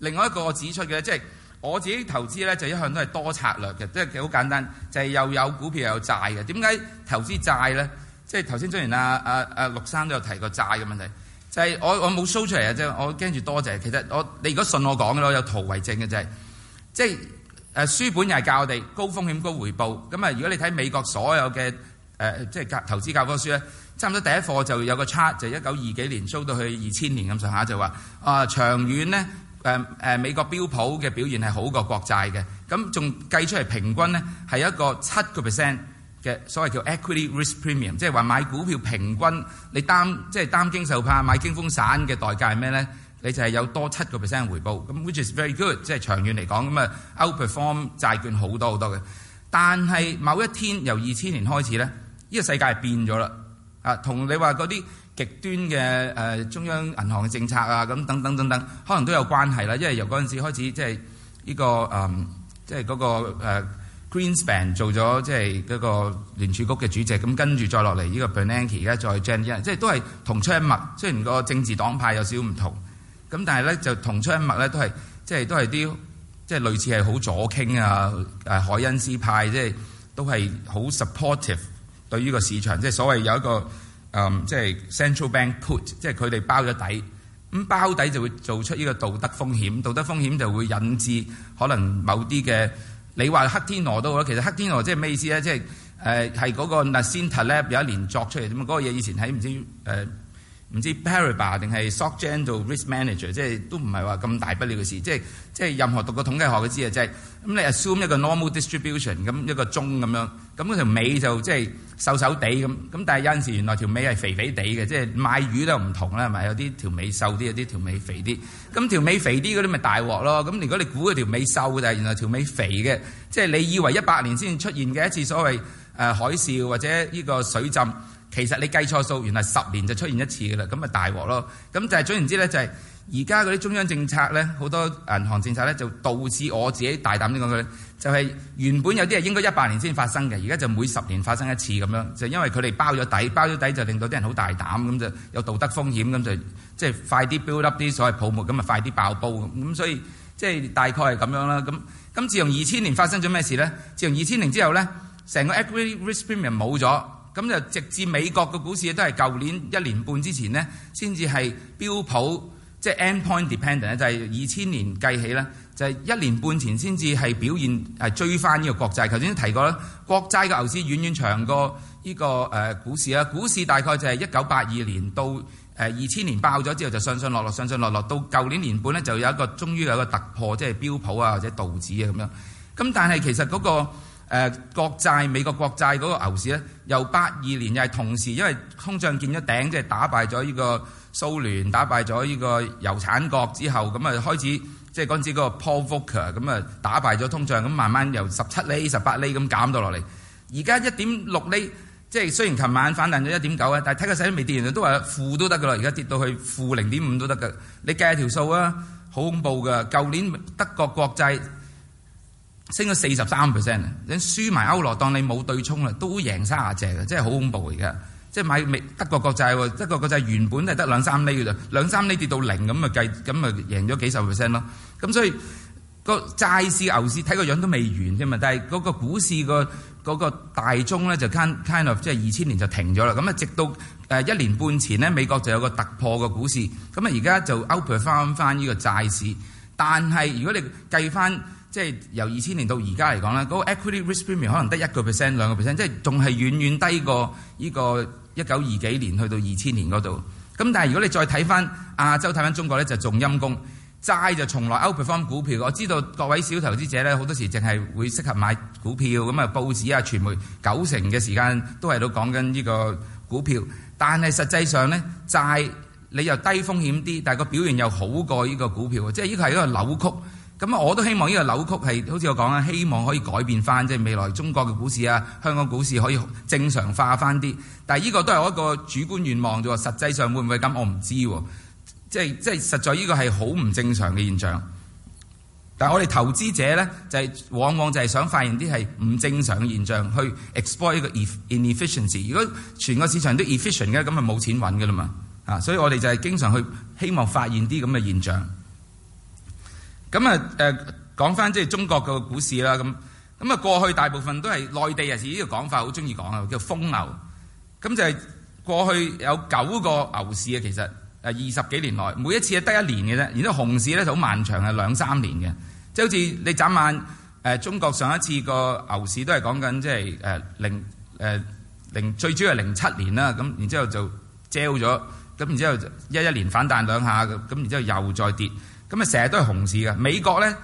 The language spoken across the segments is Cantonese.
另外一個我指出嘅，即係我自己投資咧，就一向都係多策略嘅，即係幾好簡單，就係又有股票又有債嘅。點解投資債咧？即係頭先雖然啊啊啊陸生都有提過債嘅問題，就係我我冇 show 出嚟啊，即係我驚住多謝。其實我你如果信我講嘅咯，我有圖為證嘅就係，即係誒書本又係教我哋高風險高回報。咁啊，如果你睇美國所有嘅誒即係投資教科書咧，差唔多第一課就有個 chart 就一九二幾年 show 到去二千年咁上下，就話啊長遠呢。誒誒美國標普嘅表現係好過國債嘅，咁仲計出嚟平均呢，係一個七個 percent 嘅所謂叫 equity risk premium，即係話買股票平均你擔即係擔驚受怕買驚風散嘅代價係咩呢？你就係有多七個 percent 回報，咁 which is very good，即係長遠嚟講咁啊 outperform 債券好多好多嘅。但係某一天由二千年開始呢，呢個世界係變咗啦，啊同你話嗰啲。極端嘅誒、呃、中央銀行嘅政策啊，咁等等等等，可能都有關係啦。因為由嗰陣時開始，即係呢個誒，即係嗰個、呃、Greenspan 做咗即係嗰個聯儲局嘅主席，咁跟住再落嚟呢個 Bernanke 而家再將一，即係都係同出一脈雖然個政治黨派有少少唔同，咁但係呢，就同出一脈咧，都係即係都係啲即係類似係好左傾啊誒凱恩斯派，即係都係好 supportive 對呢個市場，即係所謂有一個。誒，即係 central bank put，即係佢哋包咗底，咁包底就會做出呢個道德風險，道德風險就會引致可能某啲嘅，你話黑天鵝都好啦，其實黑天鵝即係咩意思咧？即係誒，係、呃、嗰個 Nassim Taleb 有一年作出嚟，咁啊嗰個嘢以前喺唔知誒。呃唔知 Paribas 定係 SocGen 嘅 risk manager，即係都唔係話咁大不了嘅事。即係即係任何讀過統計學嘅知啊，即係咁你 assume 一個 normal distribution，咁一個鐘咁樣，咁嗰條尾就即係瘦瘦地咁，咁但係有陣時原來條尾係肥肥地嘅，即係賣魚都唔同啦，咪有啲條尾瘦啲，有啲條尾肥啲。咁條尾肥啲嗰啲咪大鑊咯。咁如果你估佢條尾瘦嘅，但係原來條尾肥嘅，即係你以為一百年先出現嘅一次所謂誒、呃、海嘯或者呢個水浸。其實你計錯數，原來十年就出現一次㗎啦，咁咪大鑊咯。咁就係總言之咧，就係而家嗰啲中央政策咧，好多銀行政策咧，就導致我自己大膽啲講佢，就係、是、原本有啲係應該一百年先發生嘅，而家就每十年發生一次咁樣。就因為佢哋包咗底，包咗底就令到啲人好大膽，咁就有道德風險咁就即係快啲 build up 啲所謂泡沫，咁就快啲爆煲咁。咁所以即係、就是、大概係咁樣啦。咁咁自從二千年發生咗咩事咧？自從二千年之後咧，成個 equity risk premium 冇咗。咁就直至美國嘅股市都係舊年一年半之前呢，先至係標普，即係 end point dependent，就係二千年計起呢，就係一年半前先至係表現係追翻呢個國債，頭先都提過啦，國債嘅牛市遠遠長過呢個誒股市啊！股市大概就係一九八二年到誒二千年爆咗之後，就上上落落，上上落落到舊年年半呢，就有一個終於有個突破，即係標普啊或者道指啊咁樣。咁但係其實嗰個誒國債美國國債嗰個牛市咧，由八二年又係同時，因為通脹見咗頂，即係打敗咗呢個蘇聯，打敗咗呢個油產國之後，咁啊開始即係嗰陣時嗰個 Paul Volcker 咁啊打敗咗通脹，咁慢慢由十七厘、十八厘咁減到落嚟。而家一點六厘，即係雖然琴晚反彈咗一點九啊，但係睇個勢都未跌完，都話負都得噶啦。而家跌到去負零點五都得㗎。你計下條數啊，好恐怖㗎。舊年德國國債升咗四十三 percent，你輸埋歐羅當你冇對沖啦，都贏三啊隻嘅，真係好恐怖。而家。即係買美德國國債德國國債原本係得兩三厘嘅啫，兩三厘跌到零咁咪計咁咪贏咗幾十 percent 咯。咁所以個債市牛市睇個樣都未完啫嘛。但係嗰個股市嗰、嗰個大宗咧就 kind kind of 即係二千年就停咗啦。咁啊，直到一年半前咧，美國就有個突破嘅股市，咁啊而家就 outperform 翻翻呢個債市。但係如果你計翻，即係由二千年到而家嚟講啦，嗰個 equity risk premium 可能得一個 percent 兩個 percent，即係仲係遠遠低過呢個一九二幾年去到二千年嗰度。咁但係如果你再睇翻亞洲睇翻中國咧，就仲陰公。債就從來 outperform 股票。我知道各位小投資者咧，好多時淨係會適合買股票。咁啊，報紙啊，傳媒九成嘅時間都係到講緊呢個股票。但係實際上咧，債你又低風險啲，但係個表現又好過呢個股票。即係呢個係一個扭曲。咁我都希望呢個扭曲係，好似我講啊，希望可以改變翻，即係未來中國嘅股市啊，香港股市可以正常化翻啲。但係呢個都係我一個主觀願望啫喎，實際上會唔會咁，我唔知喎。即係即係，實在呢個係好唔正常嘅現象。但我哋投資者呢，就係往往就係想發現啲係唔正常嘅現象，去 exploit 一個 inefficiency。如果全個市場都 efficient 嘅，咁就冇錢揾噶啦嘛啊！所以我哋就係經常去希望發現啲咁嘅現象。咁啊誒講翻即係中國個股市啦，咁，咁啊過去大部分都係內地人士呢個講法好中意講啊，叫瘋牛。咁就係過去有九個牛市啊。其實二十幾年內，每一次係得一年嘅啫。然之後熊市咧就好漫長，係兩三年嘅。即係好似你眨眼，中國上一次個牛市都係講緊即係誒零誒零，最主要係零七年啦。咁然之後就遮咗。咁然之後一一年反彈兩下，咁然之後又再跌，咁啊成日都係熊市嘅美國咧，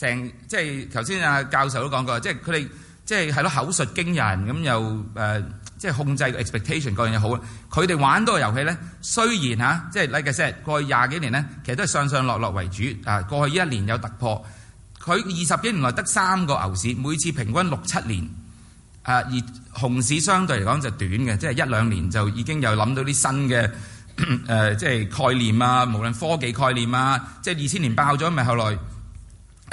成即係頭先啊教授都講過，即係佢哋即係係咯口述驚人咁又誒、呃，即係控制 expectation 嗰樣嘢好。佢哋玩多個遊戲咧，雖然吓、啊，即係 like I said 過去廿幾年呢，其實都係上上落落為主啊。過去依一年有突破，佢二十幾年內得三個牛市，每次平均六七年啊，而熊市相對嚟講就短嘅，即係一兩年就已經有諗到啲新嘅。誒即係概念啊，無論科技概念啊，即係二千年爆咗咪，後來誒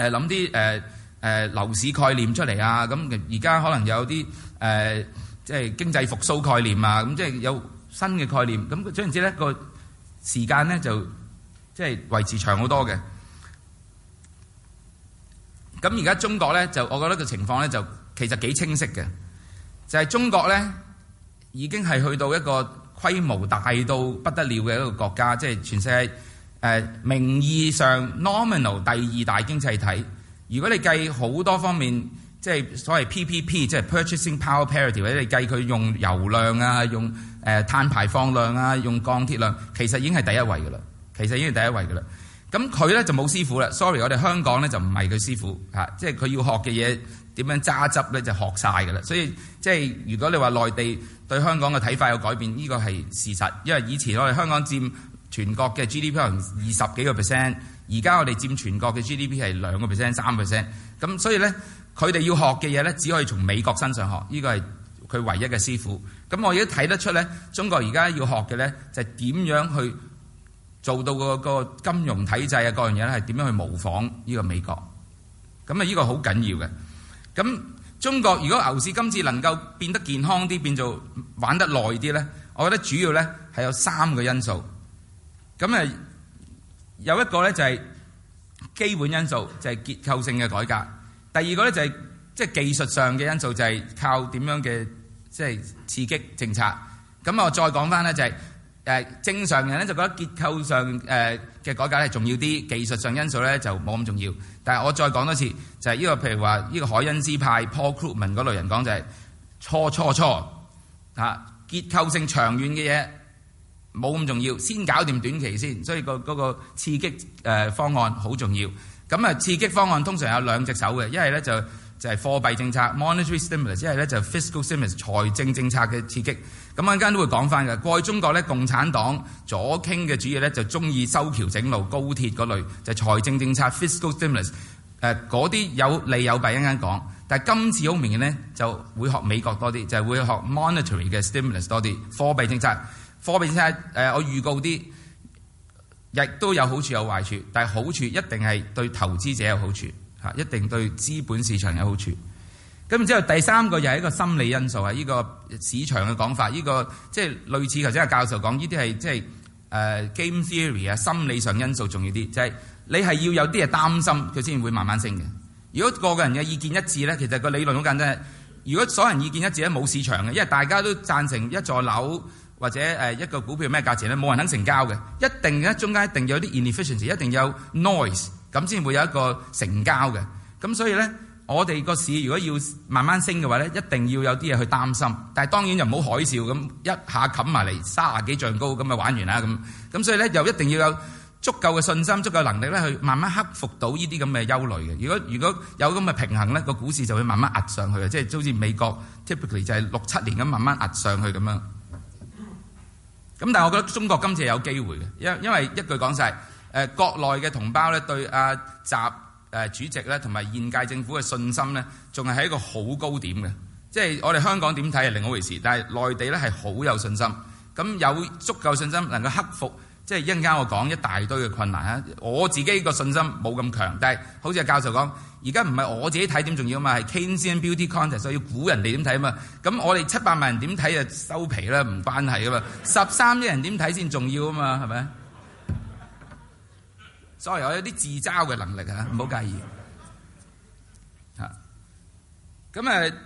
諗啲誒誒樓市概念出嚟啊，咁而家可能有啲誒即係經濟復甦概念啊，咁即係有新嘅概念，咁總言之呢個時間呢就即係維持長好多嘅。咁而家中國呢就，我覺得個情況呢就其實幾清晰嘅，就係中國呢已經係去到一個。規模大到不得了嘅一個國家，即係全世界誒名義上 nominal 第二大經濟體。如果你計好多方面，即係所謂 PPP，即係 purchasing power parity，或者你計佢用油量啊、用誒碳排放量啊、用鋼鐵量，其實已經係第一位嘅啦。其實已經係第一位嘅啦。咁佢咧就冇師傅啦。Sorry，我哋香港咧就唔係佢師傅嚇，即係佢要學嘅嘢。點樣揸執咧就學曬㗎啦，所以即係如果你話內地對香港嘅睇法有改變，呢個係事實，因為以前我哋香港佔全國嘅 GDP 可能二十幾個 percent，而家我哋佔全國嘅 GDP 係兩個 percent、三個 percent，咁所以呢，佢哋要學嘅嘢呢，只可以從美國身上學，呢個係佢唯一嘅師傅。咁我亦都睇得出呢，中國而家要學嘅呢，就係點樣去做到個金融體制啊，各樣嘢呢，係點樣去模仿呢個美國，咁啊呢個好緊要嘅。咁中國如果牛市今次能夠變得健康啲，變做玩得耐啲呢，我覺得主要呢係有三個因素。咁誒有一個呢就係基本因素，就係結構性嘅改革；第二個呢就係即係技術上嘅因素，就係靠點樣嘅即係刺激政策。咁我再講返呢就係。誒正常人咧就覺得結構上誒嘅改革係重要啲，技術上因素咧就冇咁重要。但係我再講多次，就係呢個譬如話呢個海恩斯派 Paul Krugman 嗰類人講就係錯錯錯嚇，結構性長遠嘅嘢冇咁重要，先搞掂短期先。所以個嗰刺激誒方案好重要。咁啊刺激方案通常有兩隻手嘅，一係咧就。就係、是、貨幣政策 （monetary stimulus），即係咧就 fiscal stimulus（ 財政政策嘅刺激。咁一間都會講翻嘅。過去中國咧，共產黨左傾嘅主義咧就中意修橋整路、高鐵嗰類，就是、財政政策 （fiscal stimulus）。誒，嗰啲有利有弊一間講。但係今次好明顯咧，就會學美國多啲，就係會學 monetary 嘅 stimulus 多啲貨幣政策。貨幣政策誒，我預告啲亦都有好處有壞處，但係好處一定係對投資者有好處。一定對資本市場有好處。咁然之後第三個又係一個心理因素啊！呢個市場嘅講法，呢個即係類似頭先阿教授講，呢啲係即係、uh, game theory 啊，心理上因素重要啲。就係、是、你係要有啲嘢擔心，佢先會慢慢升嘅。如果個個人嘅意見一致咧，其實個理論好簡單。如果所有人意見一致咧，冇市場嘅，因為大家都贊成一座樓或者誒一個股票咩價錢咧，冇人肯成交嘅。一定咧，中間一定有啲 inefficiency，一定有 noise。咁先會有一個成交嘅，咁所以咧，我哋個市如果要慢慢升嘅話咧，一定要有啲嘢去擔心，但係當然就唔好海嘯咁一下冚埋嚟三十幾丈高咁，咪玩完啦，咁，咁所以咧又一定要有足夠嘅信心、足夠能力咧去慢慢克服到呢啲咁嘅憂慮嘅。如果如果有咁嘅平衡咧，個股市就會慢慢壓上去嘅，即係好似美國 typically 就係六七年咁慢慢壓上去咁樣。咁但係我覺得中國今次係有機會嘅，因因為一句講晒。誒國內嘅同胞咧對阿習誒主席咧同埋現屆政府嘅信心咧，仲係喺一個好高點嘅。即係我哋香港點睇係另外一回事，但係內地咧係好有信心。咁有足夠信心能夠克服，即係一陣間我講一大堆嘅困難啊！我自己個信心冇咁強，但係好似阿教授講，而家唔係我自己睇點重要啊嘛，係 Keynesian Beauty Contest，所以要估人哋點睇啊嘛。咁我哋七百萬人點睇就收皮啦，唔關係噶嘛。十三億人點睇先重要啊嘛，係咪？所以我有啲自嘲嘅能力啊，唔好介意嚇。咁啊，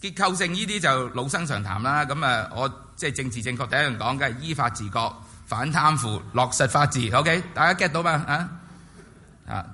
結構性呢啲就老生常談啦。咁啊，我即係政治正確第一樣講嘅係依法治國、反貪腐、落實法治。OK，大家 get 到嘛？啊啊，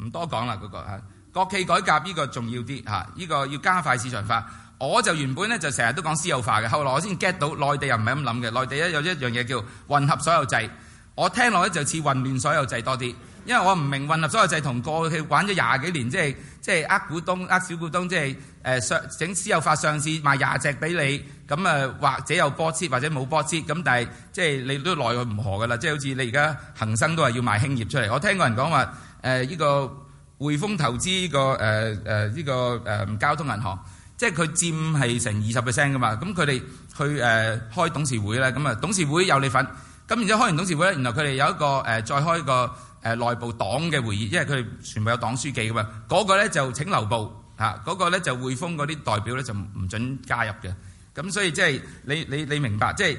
唔多講啦嗰個嚇。國企改革呢個重要啲嚇，呢個要加快市場化。我就原本咧就成日都講私有化嘅，後來我先 get 到內地又唔係咁諗嘅。內地咧有一樣嘢叫混合所有制。我聽落咧就似混亂所有制多啲，因為我唔明混合所有制同過去玩咗廿幾年，即係即係呃股東、呃小股東，即係誒上整私有化上市賣廿隻俾你，咁啊或者有波折或者冇波折。咁但係即係你都奈去唔何噶啦，即係好似你而家恒生都話要賣興業出嚟，我聽過人講話誒依個匯豐投資依個誒誒依個誒交通銀行，即係佢佔係成二十 percent 噶嘛，咁佢哋去誒開董事會咧，咁啊董事會有你份。咁然之後開完董事會咧，原來佢哋有一個誒再開個誒內部黨嘅會議，因為佢哋全部有黨書記嘅嘛。嗰個咧就請留步嚇，嗰個咧就匯豐嗰啲代表咧就唔準加入嘅。咁所以即係你你你明白，即係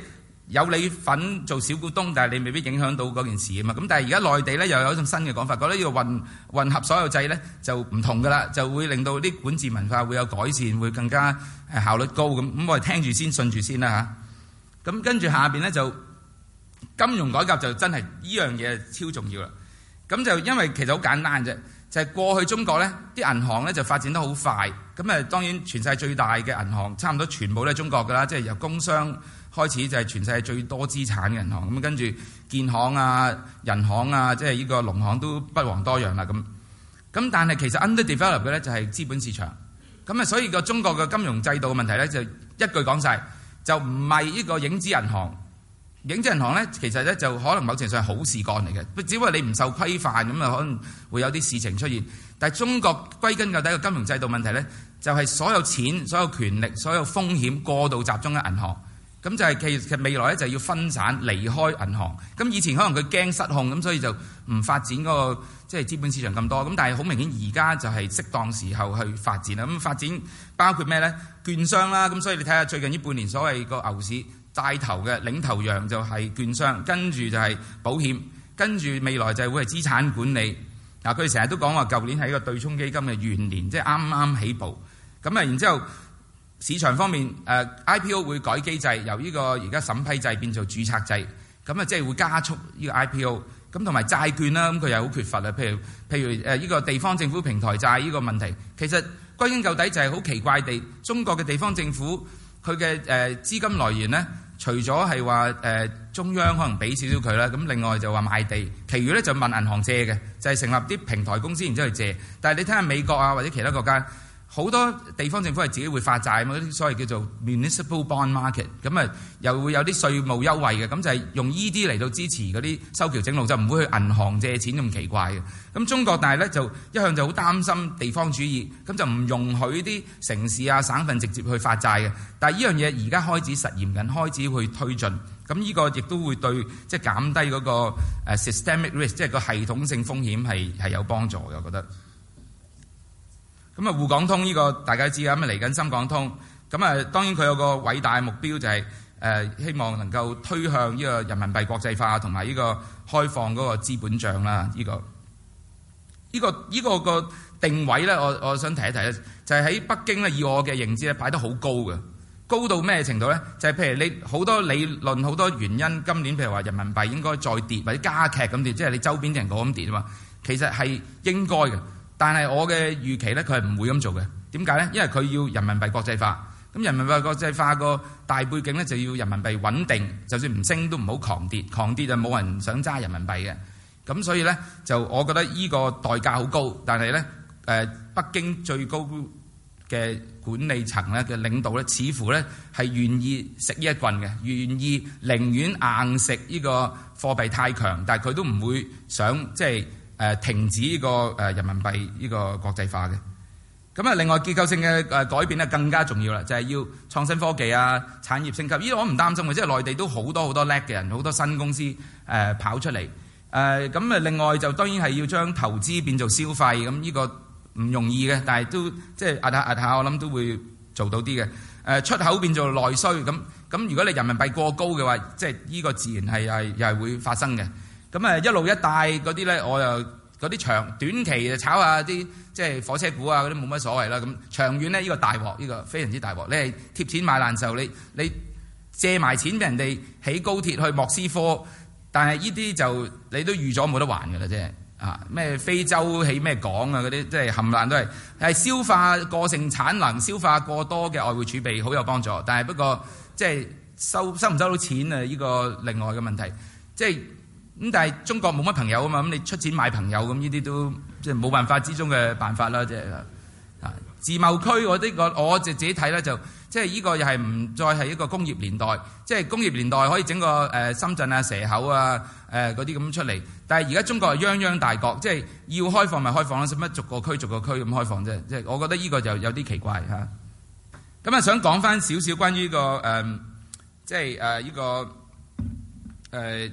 有你份做小股東，但係你未必影響到嗰件事啊嘛。咁但係而家內地咧又有種新嘅講法，覺得要混混合所有制咧就唔同㗎啦，就會令到啲管治文化會有改善，會更加誒效率高咁。咁我哋聽住先，信住先啦嚇。咁跟住下邊咧就。金融改革就真係呢樣嘢超重要啦！咁就因為其實好簡單啫，就係、是、過去中國呢啲銀行呢就發展得好快。咁誒當然，全世界最大嘅銀行，差唔多全部都係中國㗎啦，即、就、係、是、由工商開始就係全世界最多資產嘅銀行。咁跟住建行啊、人行啊，即係呢個農行都不遑多讓啦咁。咁但係其實 underdevelop 嘅呢就係資本市場。咁誒所以個中國嘅金融制度嘅問題呢，就一句講晒，就唔係呢個影子銀行。影子銀行呢，其實呢，就可能某程度係好事幹嚟嘅，只不過你唔受規範咁啊，可能會有啲事情出現。但係中國歸根究底嘅金融制度問題呢，就係所有錢、所有權力、所有風險過度集中喺銀行。咁就係、是、其其實未來呢，就要分散、離開銀行。咁以前可能佢驚失控，咁所以就唔發展嗰個即係資本市場咁多。咁但係好明顯而家就係適當時候去發展啦。咁發展包括咩呢？券商啦。咁所以你睇下最近呢半年所謂個牛市。帶頭嘅領頭羊就係券商，跟住就係保險，跟住未來就係會係資產管理。嗱，佢哋成日都講話，舊年係一個對沖基金嘅元年，即係啱啱起步。咁啊，然之後市場方面，誒 IPO 會改機制，由呢個而家審批制變做註冊制，咁啊即係會加速呢個 IPO。咁同埋債券啦，咁佢又好缺乏啦。譬如譬如誒呢個地方政府平台債呢個問題，其實歸根究底就係好奇怪地，中國嘅地方政府。佢嘅誒資金來源咧，除咗係話誒中央可能俾少少佢啦，咁另外就話賣地，其餘咧就問銀行借嘅，就係、是、成立啲平台公司然之後去借。但係你睇下美國啊，或者其他國家。好多地方政府係自己會發債嘛，嗰啲所謂叫做 municipal bond market，咁啊又會有啲稅務優惠嘅，咁就係用依啲嚟到支持嗰啲修橋整路，就唔會去銀行借錢咁奇怪嘅。咁中國但係咧就一向就好擔心地方主義，咁就唔容許啲城市啊、省份直接去發債嘅。但係呢樣嘢而家開始實驗緊，開始去推進，咁呢個亦都會對即係、就是、減低嗰個 systemic risk，即係個系統性風險係係有幫助嘅，我覺得。咁啊、這個，滬港通呢個大家知啊，咁啊嚟緊深港通。咁啊，當然佢有個偉大目標，就係、是、希望能夠推向呢個人民幣國際化同埋呢個開放嗰個資本帳啦。呢、這個呢、這個呢、這個個定位呢，我我想提一提就係、是、喺北京呢以我嘅認知呢，擺得好高嘅，高到咩程度呢？就係、是、譬如你好多理論好多原因，今年譬如話人民幣應該再跌或者加劇咁跌，即、就、係、是、你周邊嘅人講咁跌啊嘛。其實係應該嘅。但係我嘅預期呢，佢係唔會咁做嘅。點解呢？因為佢要人民幣國際化，咁人民幣國際化個大背景呢，就要人民幣穩定。就算唔升都唔好狂跌，狂跌就冇人想揸人民幣嘅。咁所以呢，就我覺得呢個代價好高。但係呢，誒北京最高嘅管理層呢，嘅領導呢，似乎呢係願意食呢一棍嘅，願意寧願硬食呢個貨幣太強，但係佢都唔會想即係。就是誒停止呢個誒人民幣呢個國際化嘅，咁啊另外結構性嘅誒改變咧更加重要啦，就係、是、要創新科技啊、產業升級。呢啲我唔擔心即係內地都好多好多叻嘅人，好多新公司誒跑出嚟。誒咁啊另外就當然係要將投資變做消費，咁、這、呢個唔容易嘅，但係都即係壓下壓下，我諗都會做到啲嘅。誒出口變做內需，咁咁如果你人民幣過高嘅話，即係呢個自然係係又係會發生嘅。咁啊，一路一帶嗰啲呢，我又嗰啲長短期就炒下啲即係火車股啊，嗰啲冇乜所謂啦。咁長遠呢，呢個大鑊，呢個非常之大鑊。你係貼錢買難受，你你借埋錢俾人哋起高鐵去莫斯科，但係呢啲就你都預咗冇得還噶啦，即係啊咩非洲起咩港啊嗰啲，即係冚爛都係係消化過剩產能、消化過多嘅外匯儲備好有幫助，但係不過即係收收唔收到錢啊？呢個另外嘅問題，即係。咁但係中國冇乜朋友啊嘛，咁你出錢買朋友咁呢啲都即係冇辦法之中嘅辦法啦，即係啊，自貿區我呢我就自己睇咧，就即係呢個又係唔再係一個工業年代，即係工業年代可以整個誒深圳啊、蛇口啊、誒嗰啲咁出嚟，但係而家中國係泱泱大國，即係要開放咪開放咯，使乜逐個區逐個區咁開放啫？即係我覺得呢個就有啲奇怪嚇。咁啊，想講翻少少關於、這個誒，即係誒呢個誒。呃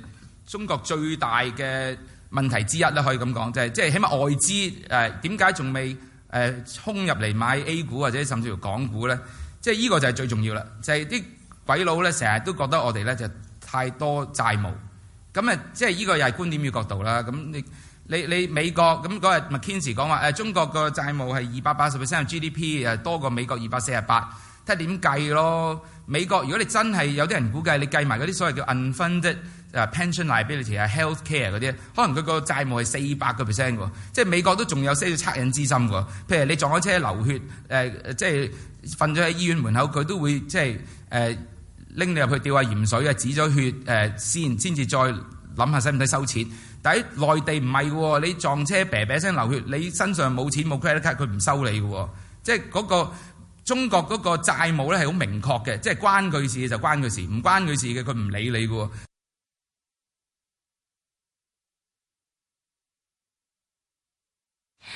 中國最大嘅問題之一咧，可以咁講，就係即係起碼外資誒點解仲未誒衝入嚟買 A 股或者甚至乎港股咧？即係呢個就係最重要啦，就係啲鬼佬咧成日都覺得我哋咧就太多債務。咁啊，即係呢個又係觀點嘅角度啦。咁你你你美國咁嗰日 McKinsey 講話中國個債務係二百八十 percent G D P 誒，多過美國二百四十八。睇下點計咯？美國如果你真係有啲人估計，你計埋嗰啲所謂叫 unfunded。pension liability 啊，health care 嗰啲，可能佢個債務係四百個 percent 喎，即係美國都仲有些少惻隱之心喎。譬如你撞咗車流血，誒、呃、即係瞓咗喺醫院門口，佢都會即係誒拎你入去吊下鹽水啊，止咗血誒、呃、先，先至再諗下使唔使收錢。但喺內地唔係喎，你撞車啤啤聲流血，你身上冇錢冇 credit card，佢唔收你嘅喎。即係嗰、那個中國嗰個債務咧係好明確嘅，即係關佢事嘅就關佢事，唔關佢事嘅佢唔理你嘅喎。